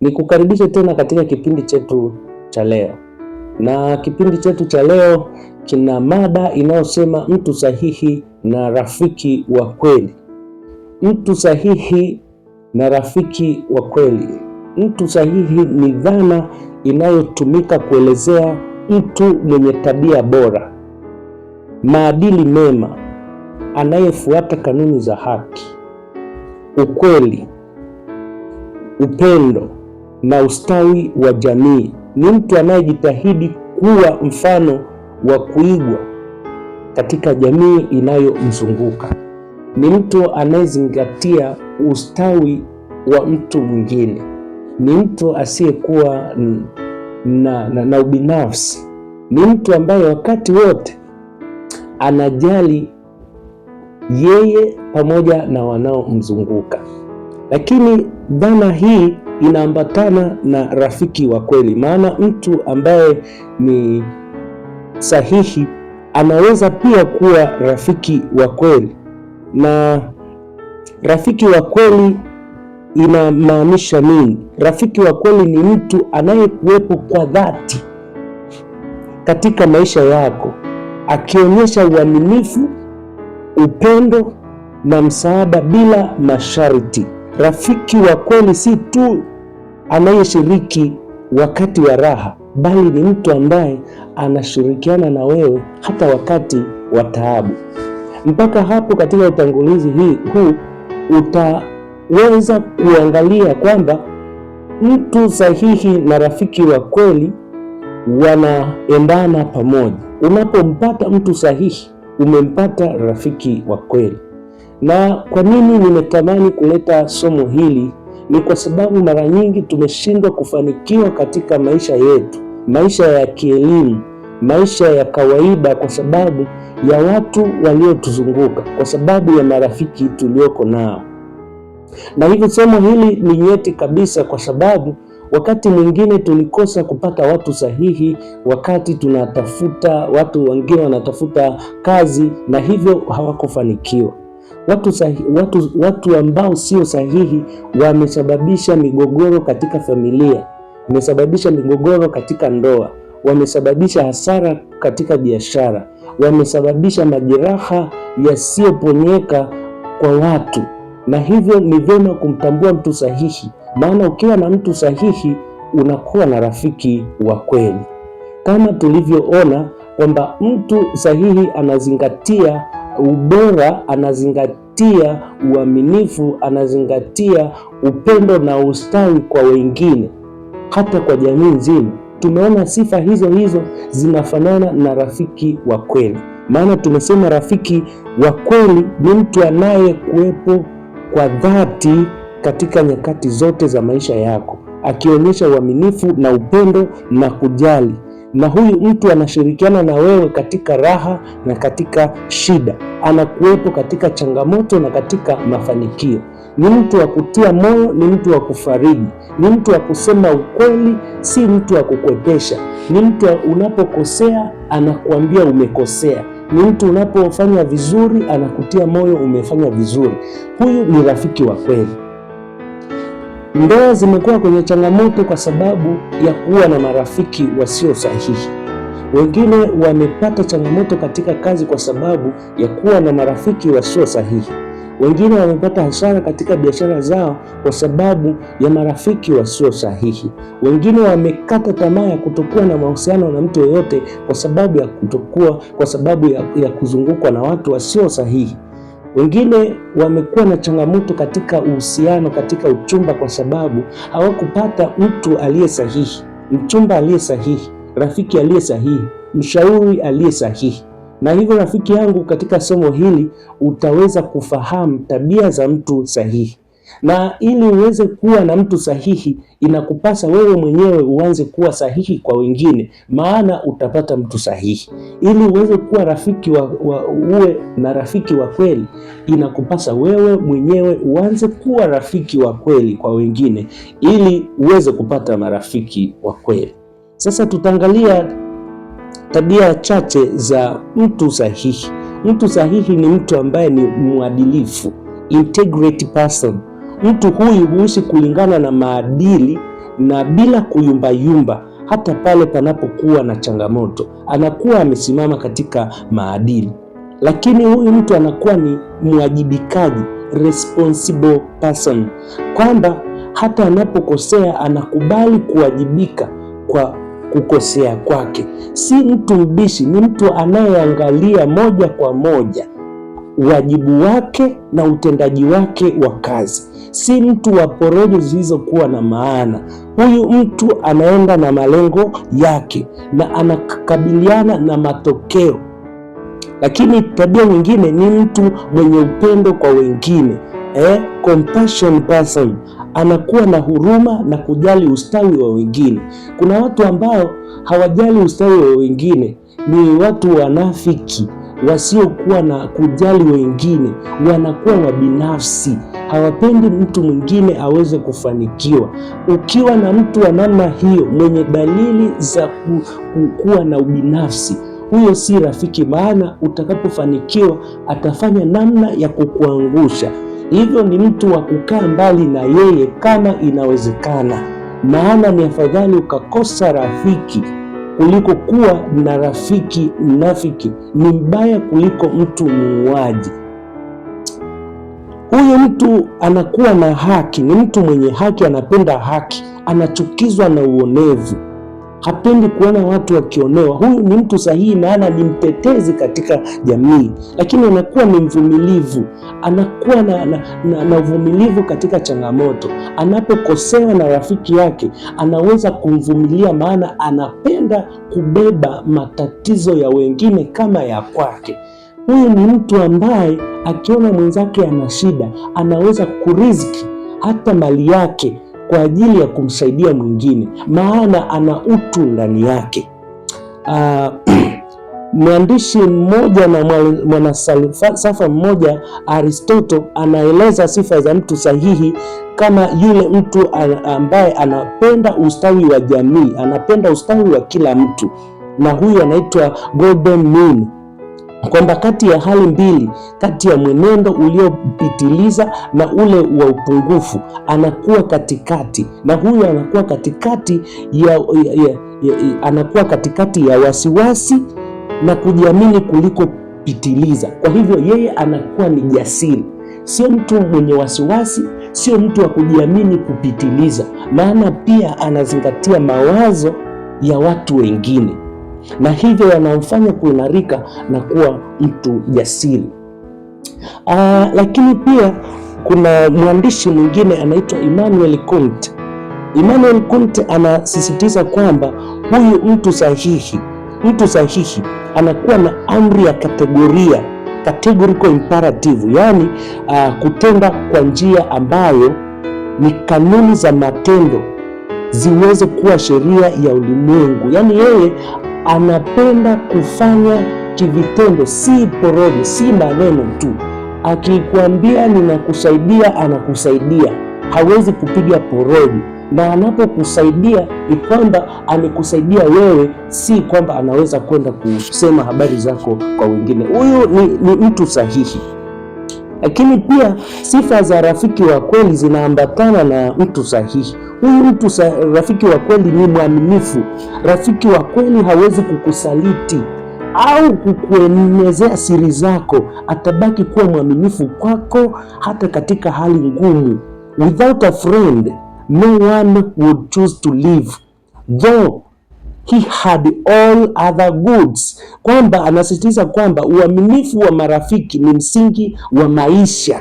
ni kukaribisha tena katika kipindi chetu cha leo, na kipindi chetu cha leo kina mada inayosema mtu sahihi na rafiki wa kweli. Mtu sahihi na rafiki wa kweli. Mtu sahihi ni dhana inayotumika kuelezea mtu mwenye tabia bora, maadili mema, anayefuata kanuni za haki, ukweli, upendo na ustawi wa jamii. Ni mtu anayejitahidi kuwa mfano wa kuigwa katika jamii inayomzunguka. Ni mtu anayezingatia ustawi wa mtu mwingine. Ni mtu asiyekuwa na, na, na ubinafsi. Ni mtu ambaye wakati wote anajali yeye pamoja na wanaomzunguka. Lakini dhana hii inaambatana na rafiki wa kweli, maana mtu ambaye ni sahihi anaweza pia kuwa rafiki wa kweli, na rafiki wa kweli inamaanisha nini? Rafiki wa kweli ni mtu anayekuwepo kwa dhati katika maisha yako, akionyesha uaminifu, upendo na msaada bila masharti. Rafiki wa kweli si tu anayeshiriki wakati wa raha, bali ni mtu ambaye anashirikiana na wewe hata wakati wa taabu. Mpaka hapo katika utangulizi hii huu utaweza kuangalia kwamba mtu sahihi na rafiki wa kweli wanaendana pamoja. Unapompata mtu sahihi, umempata rafiki wa kweli. Na kwa nini nimetamani kuleta somo hili ni kwa sababu mara nyingi tumeshindwa kufanikiwa katika maisha yetu, maisha ya kielimu, maisha ya kawaida, kwa sababu ya watu waliotuzunguka, kwa sababu ya marafiki tulioko nao. Na hivi somo hili ni nyeti kabisa, kwa sababu wakati mwingine tulikosa kupata watu sahihi wakati tunatafuta, watu wengine wanatafuta kazi na hivyo hawakufanikiwa. Watu, sahi, watu, watu ambao sio sahihi wamesababisha migogoro katika familia, wamesababisha migogoro katika ndoa, wamesababisha hasara katika biashara, wamesababisha majeraha yasiyoponyeka kwa watu, na hivyo ni vyema kumtambua mtu sahihi, maana ukiwa na mtu sahihi unakuwa na rafiki wa kweli, kama tulivyoona kwamba mtu sahihi anazingatia ubora, anazingatia uaminifu, anazingatia upendo na ustawi kwa wengine, hata kwa jamii nzima. Tumeona sifa hizo hizo zinafanana na rafiki wa kweli, maana tumesema rafiki wa kweli ni mtu anayekuwepo kwa dhati katika nyakati zote za maisha yako, akionyesha uaminifu na upendo na kujali na huyu mtu anashirikiana na wewe katika raha na katika shida, anakuwepo katika changamoto na katika mafanikio. Ni mtu wa kutia moyo, ni mtu wa kufariji, ni mtu wa kusema ukweli, si mtu wa kukwepesha. Ni mtu unapokosea anakuambia umekosea, ni mtu unapofanya vizuri anakutia moyo umefanya vizuri. Huyu ni rafiki wa kweli. Ndoa zimekuwa kwenye changamoto kwa sababu ya kuwa na marafiki wasio sahihi. Wengine wamepata changamoto katika kazi kwa sababu ya kuwa na marafiki wasio sahihi. Wengine wamepata hasara katika biashara zao kwa sababu ya marafiki wasio sahihi. Wengine wamekata tamaa ya kutokuwa na mahusiano na mtu yoyote kwa sababu ya kutokuwa, kwa sababu ya, ya kuzungukwa na watu wasio sahihi. Wengine wamekuwa na changamoto katika uhusiano, katika uchumba, kwa sababu hawakupata mtu aliye sahihi, mchumba aliye sahihi, rafiki aliye sahihi, mshauri aliye sahihi. Na hivyo rafiki yangu, katika somo hili utaweza kufahamu tabia za mtu sahihi na ili uweze kuwa na mtu sahihi, inakupasa wewe mwenyewe uanze kuwa sahihi kwa wengine, maana utapata mtu sahihi. Ili uweze kuwa rafiki wa, wa, uwe na rafiki wa kweli, inakupasa wewe mwenyewe uanze kuwa rafiki wa kweli kwa wengine, ili uweze kupata marafiki wa kweli. Sasa tutaangalia tabia chache za mtu sahihi. Mtu sahihi ni mtu ambaye ni mwadilifu, integrity person Mtu huyu huishi kulingana na maadili na bila kuyumbayumba, hata pale panapokuwa na changamoto, anakuwa amesimama katika maadili. Lakini huyu mtu anakuwa ni mwajibikaji, responsible person, kwamba hata anapokosea anakubali kuwajibika kwa kukosea kwake. Si mtu mbishi, ni mtu anayeangalia moja kwa moja wajibu wake na utendaji wake wa kazi, si mtu wa porojo zilizokuwa na maana. Huyu mtu anaenda na malengo yake na anakabiliana na matokeo. Lakini tabia nyingine ni mtu mwenye upendo kwa wengine eh, compassion person, anakuwa na huruma na kujali ustawi wa wengine. Kuna watu ambao hawajali ustawi wa wengine, ni watu wanafiki wasiokuwa na kujali wengine, wanakuwa wabinafsi, hawapendi mtu mwingine aweze kufanikiwa. Ukiwa na mtu wa namna hiyo, mwenye dalili za kuwa na ubinafsi, huyo si rafiki, maana utakapofanikiwa atafanya namna ya kukuangusha. Hivyo ni mtu wa kukaa mbali na yeye kama inawezekana, maana ni afadhali ukakosa rafiki kuliko kuwa na rafiki mnafiki ni mbaya kuliko mtu muuaji. Huyu mtu anakuwa na haki, ni mtu mwenye haki, anapenda haki, anachukizwa na uonevu hapendi kuona watu wakionewa. Huyu ni mtu sahihi, maana ni mtetezi katika jamii, lakini anakuwa ni mvumilivu, anakuwa na, na, na, na uvumilivu katika changamoto. Anapokosewa na rafiki yake anaweza kumvumilia, maana anapenda kubeba matatizo ya wengine kama ya kwake. Huyu ni mtu ambaye akiona mwenzake ana shida anaweza kuriziki hata mali yake kwa ajili ya kumsaidia mwingine, maana ana utu ndani yake. Ah, mwandishi mmoja na mwanasafa mmoja Aristotle anaeleza sifa za mtu sahihi kama yule mtu ambaye anapenda ustawi wa jamii, anapenda ustawi wa kila mtu, na huyu anaitwa golden mean kwamba kati ya hali mbili, kati ya mwenendo uliopitiliza na ule wa upungufu, anakuwa katikati, na huyu anakuwa katikati ya, ya, ya, ya, anakuwa katikati ya wasiwasi na kujiamini kuliko pitiliza. Kwa hivyo yeye anakuwa ni jasiri, sio mtu mwenye wasiwasi, sio mtu wa kujiamini kupitiliza, maana pia anazingatia mawazo ya watu wengine na hivyo yanamfanya kuimarika na kuwa mtu jasiri. Aa, ah, lakini pia kuna mwandishi mwingine anaitwa Immanuel Kant. Immanuel Kant anasisitiza kwamba huyu mtu sahihi, mtu sahihi anakuwa na amri ya kategoria, categorical imperative, yaani uh, kutenda kwa njia ambayo ni kanuni za matendo ziweze kuwa sheria ya ulimwengu. Yaani yeye anapenda kufanya kivitendo, si porojo, si maneno tu. Akikwambia ninakusaidia, anakusaidia, hawezi kupiga porojo. Na anapokusaidia ni kwamba amekusaidia wewe, si kwamba anaweza kwenda kusema habari zako kwa wengine. Huyu ni, ni mtu sahihi. Lakini pia sifa za rafiki wa kweli zinaambatana na mtu sahihi. Huyu mtu sa, rafiki wa kweli ni mwaminifu. Rafiki wa kweli hawezi kukusaliti au kukuenezea siri zako, atabaki kuwa mwaminifu kwako hata katika hali ngumu. Without a friend no one would choose to live though he had all other goods, kwamba anasisitiza kwamba uaminifu wa marafiki ni msingi wa maisha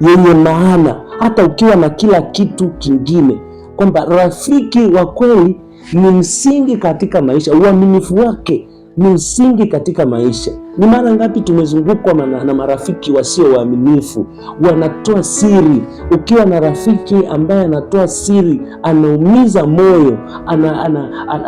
yenye maana, hata ukiwa na kila kitu kingine, kwamba rafiki wa kweli ni msingi katika maisha, uaminifu wake ni msingi katika maisha. Ni mara ngapi tumezungukwa na marafiki wasio waaminifu, wanatoa siri. Ukiwa na rafiki ambaye anatoa siri, anaumiza moyo,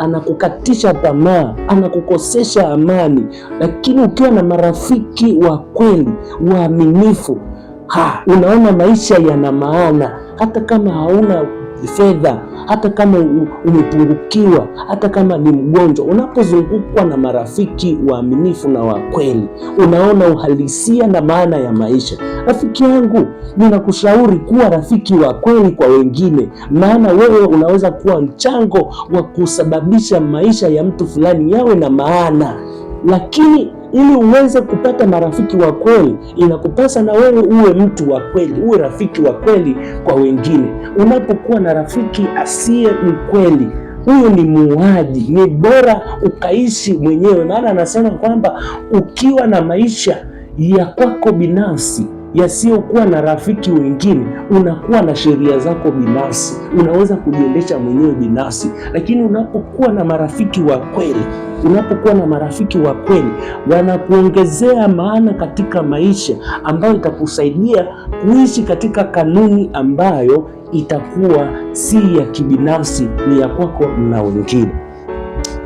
anakukatisha ana, ana, ana tamaa, anakukosesha amani. Lakini ukiwa na marafiki wa kweli waaminifu, ha, unaona maisha yana maana hata kama hauna fedha, hata kama umepungukiwa, hata kama ni mgonjwa. Unapozungukwa na marafiki waaminifu na wa kweli, unaona uhalisia na maana ya maisha. Rafiki yangu, ninakushauri kuwa rafiki wa kweli kwa wengine, maana wewe unaweza kuwa mchango wa kusababisha maisha ya mtu fulani yawe na maana, lakini ili uweze kupata marafiki wa kweli, inakupasa na wewe uwe mtu wa kweli, uwe rafiki wa kweli kwa wengine. Unapokuwa na rafiki asiye mkweli, huyo ni muuaji. Ni bora ukaishi mwenyewe, maana anasema kwamba ukiwa na maisha ya kwako binafsi yasiyokuwa na rafiki wengine. Unakuwa na sheria zako binafsi, unaweza kujiendesha mwenyewe binafsi, lakini unapokuwa na marafiki wa kweli, unapokuwa na marafiki wa kweli, wanakuongezea maana katika maisha ambayo itakusaidia kuishi katika kanuni ambayo itakuwa si ya kibinafsi, ni ya kwako na wengine.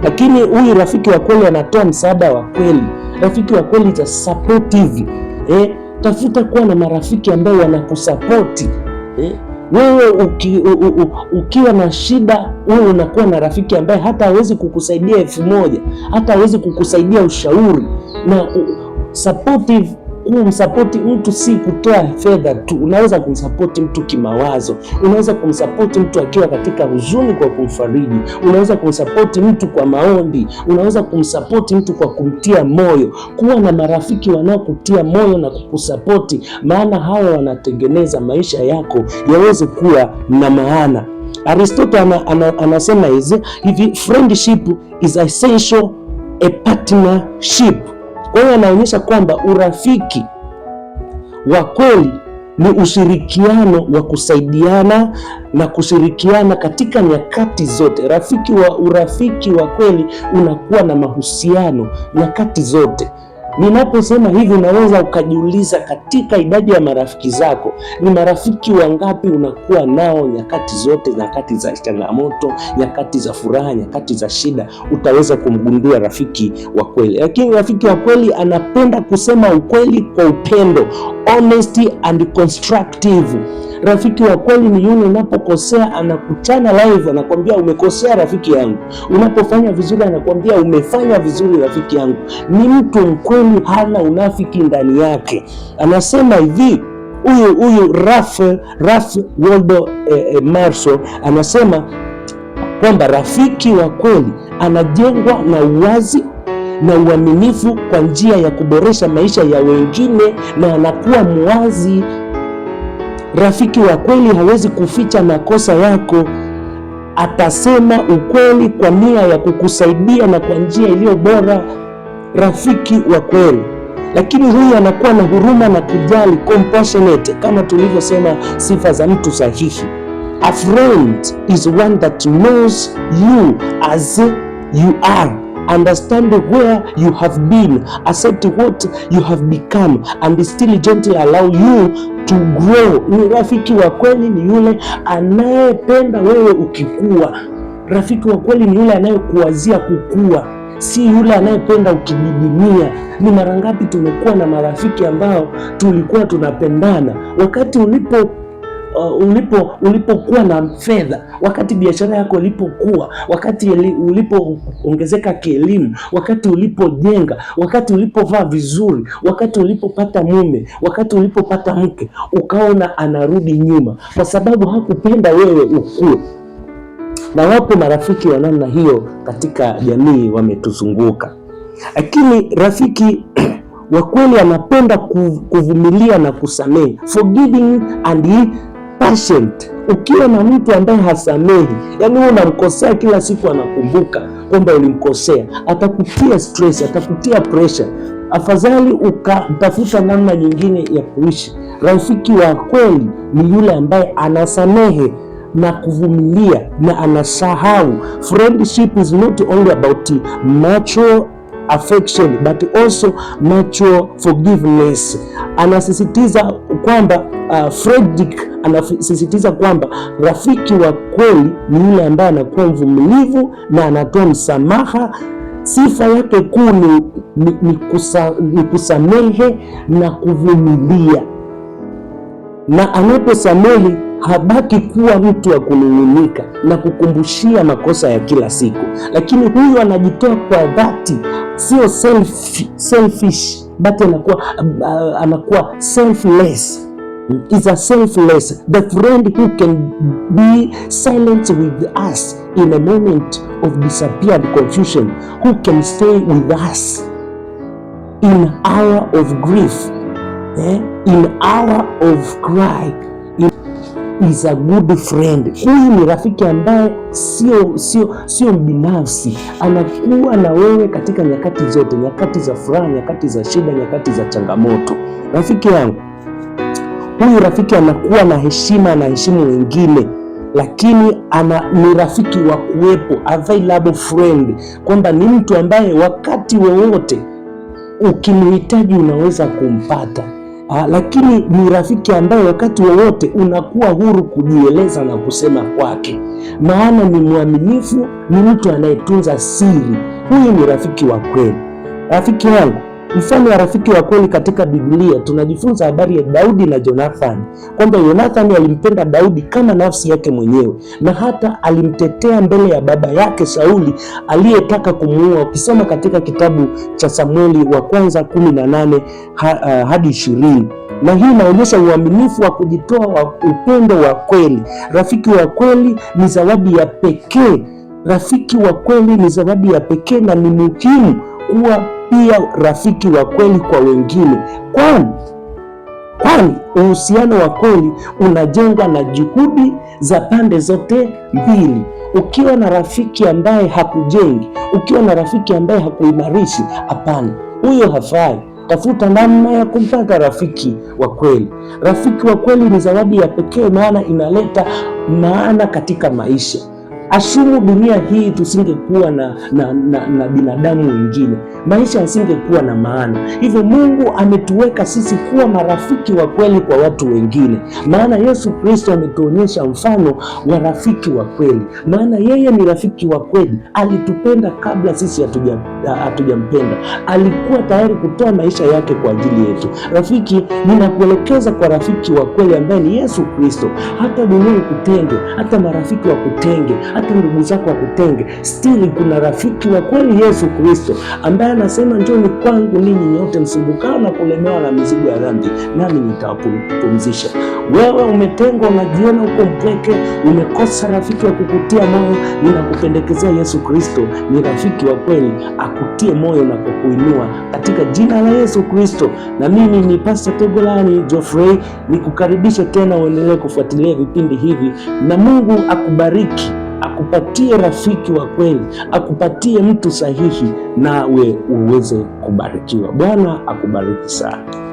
Lakini huyu rafiki wa kweli anatoa msaada wa kweli, rafiki wa kweli ita supportive eh tafuta kuwa na marafiki ambao wanakusapoti eh? Wewe uki, u, u, u, ukiwa na shida, wewe unakuwa na rafiki ambaye hata hawezi kukusaidia elfu moja hata hawezi kukusaidia ushauri na u, supportive kumsapoti mtu si kutoa fedha tu. Unaweza kumsapoti mtu kimawazo, unaweza kumsapoti mtu akiwa katika huzuni kwa kumfariji, unaweza kumsapoti mtu kwa maombi, unaweza kumsapoti mtu kwa kumtia moyo. Kuwa na marafiki wanaokutia moyo na kukusapoti, maana hao wanatengeneza maisha yako yaweze kuwa na maana. Aristotle ana, ana, anasema hizi hivi, friendship is essential a partnership kwa hiyo anaonyesha kwamba urafiki wa kweli ni ushirikiano wa kusaidiana na kushirikiana katika nyakati zote. Rafiki wa urafiki wa kweli unakuwa na mahusiano nyakati zote. Ninaposema hivi, unaweza ukajiuliza katika idadi ya marafiki zako, ni marafiki wangapi unakuwa nao nyakati zote, nyakati za changamoto, nyakati za furaha, nyakati za shida. Utaweza kumgundua rafiki wa kweli, lakini rafiki wa kweli anapenda kusema ukweli kwa upendo honest and constructive. Rafiki wa kweli ni yule unapokosea anakutana live, anakwambia umekosea rafiki yangu. Unapofanya vizuri anakwambia umefanya vizuri rafiki yangu. Ni mtu mkweli, hana unafiki ndani yake. Anasema hivi huyu huyu Ralph Ralph Waldo eh, eh, Marso anasema kwamba rafiki wa kweli anajengwa na uwazi na uaminifu kwa njia ya kuboresha maisha ya wengine, na anakuwa mwazi Rafiki wa kweli hawezi kuficha makosa yako, atasema ukweli kwa nia ya kukusaidia na kwa njia iliyo bora. Rafiki wa kweli lakini huyu anakuwa na huruma na kujali, compassionate, kama tulivyosema sifa za mtu sahihi. A friend is one that knows you as you are. Understand where you have been, accept what you have become, and still gently allow you to grow. Ni rafiki wa kweli ni yule anayependa wewe ukikua. Rafiki wa kweli ni yule anayekuwazia kukua, si yule anayependa ukididimia. Ni mara ngapi tumekuwa na marafiki ambao tulikuwa tunapendana wakati ulipo uh, ulipo ulipokuwa na fedha, wakati biashara yako ilipokuwa, wakati ulipoongezeka kielimu, wakati ulipojenga, wakati ulipovaa vizuri, wakati ulipopata mume, wakati ulipopata mke, ukaona anarudi nyuma kwa sababu hakupenda wewe ukue. Na wapo marafiki wa namna hiyo katika jamii wametuzunguka, lakini rafiki wa kweli anapenda kuvumilia na kusamehe, forgiving and patient. Ukiwa na mtu ambaye hasamehi, yani wewe unamkosea kila siku, anakumbuka kwamba ulimkosea, atakutia stress, atakutia pressure. Afadhali ukatafuta namna nyingine ya kuishi. Rafiki wa kweli ni yule ambaye anasamehe na kuvumilia na anasahau. Friendship is not only about macho affection but also mutual forgiveness. Anasisitiza kwamba uh, Fredrick anasisitiza kwamba rafiki wa kweli ni yule ambaye anakuwa mvumilivu na anatoa msamaha. Sifa yake kuu ni, ni, ni, kusa, ni kusamehe na kuvumilia, na anaposamehe habaki kuwa mtu wa kunung'unika na kukumbushia makosa ya kila siku, lakini huyu anajitoa kwa dhati sio self, selfish but anakuwa uh, anakuwa selfless is a selfless the friend who can be silent with us in a moment of disappeared confusion who can stay with us in hour of grief eh? in hour of cry is a good friend. Huyu ni rafiki ambaye sio sio sio binafsi, anakuwa na wewe katika nyakati zote, nyakati za furaha, nyakati za shida, nyakati za changamoto. Rafiki yangu huyu, rafiki anakuwa na heshima, anaheshimu wengine lakini ana, ni rafiki wa kuwepo, available friend, kwamba ni mtu ambaye wakati wowote ukimhitaji unaweza kumpata. Aa, ah, lakini ni rafiki ambaye wakati wowote unakuwa huru kujieleza na kusema kwake, maana ni mwaminifu, ni mtu anayetunza siri. Huyu ni rafiki wa kweli. Rafiki yangu Mfano wa rafiki wa kweli katika Biblia tunajifunza habari ya Daudi na Jonathani, kwamba Jonathani alimpenda Daudi kama nafsi yake mwenyewe na hata alimtetea mbele ya baba yake Sauli aliyetaka kumuua. Ukisoma katika kitabu cha Samueli wa kwanza 18 ha, uh, hadi 20 na hii inaonyesha uaminifu wa kujitoa wa upendo wa kweli. Rafiki wa kweli ni zawadi ya pekee. Rafiki wa kweli ni zawadi ya pekee na ni muhimu kuwa pia rafiki wa kweli kwa wengine, kwani kwani uhusiano wa kweli unajengwa na juhudi za pande zote mbili. Ukiwa na rafiki ambaye hakujengi, ukiwa na rafiki ambaye hakuimarishi, hapana, huyo hafai. Tafuta namna ya kumpata rafiki wa kweli. Rafiki wa kweli ni zawadi ya pekee, maana inaleta maana katika maisha ashumu dunia hii tusingekuwa na, na, na, na binadamu wengine, maisha yasingekuwa na maana. Hivyo Mungu ametuweka sisi kuwa marafiki wa kweli kwa watu wengine, maana Yesu Kristo ametuonyesha mfano wa rafiki wa kweli, maana yeye ni rafiki wa kweli. Alitupenda kabla sisi hatujampenda, alikuwa tayari kutoa maisha yake kwa ajili yetu. Rafiki, ninakuelekeza kwa rafiki wa kweli ambaye ni Yesu Kristo. Hata dunia ikutenge, hata marafiki wakutenge hata ndugu zako wakutenge, stili kuna rafiki wa kweli Yesu Kristo ambaye anasema njoni kwangu ninyi nyote msumbukao na kulemewa na mizigo ya dhambi, nami nitawapumzisha. Wewe umetengwa, unajiona uko mpweke, umekosa rafiki wa kukutia moyo, ninakupendekezea Yesu Kristo ni rafiki wa kweli akutie moyo na kukuinua katika jina la Yesu Kristo. Na mimi ni Pastor Togolani Geoffrey, nikukaribishe tena uendelee kufuatilia vipindi hivi na Mungu akubariki akupatie rafiki wa kweli, akupatie mtu sahihi, nawe uweze kubarikiwa. Bwana akubariki sana.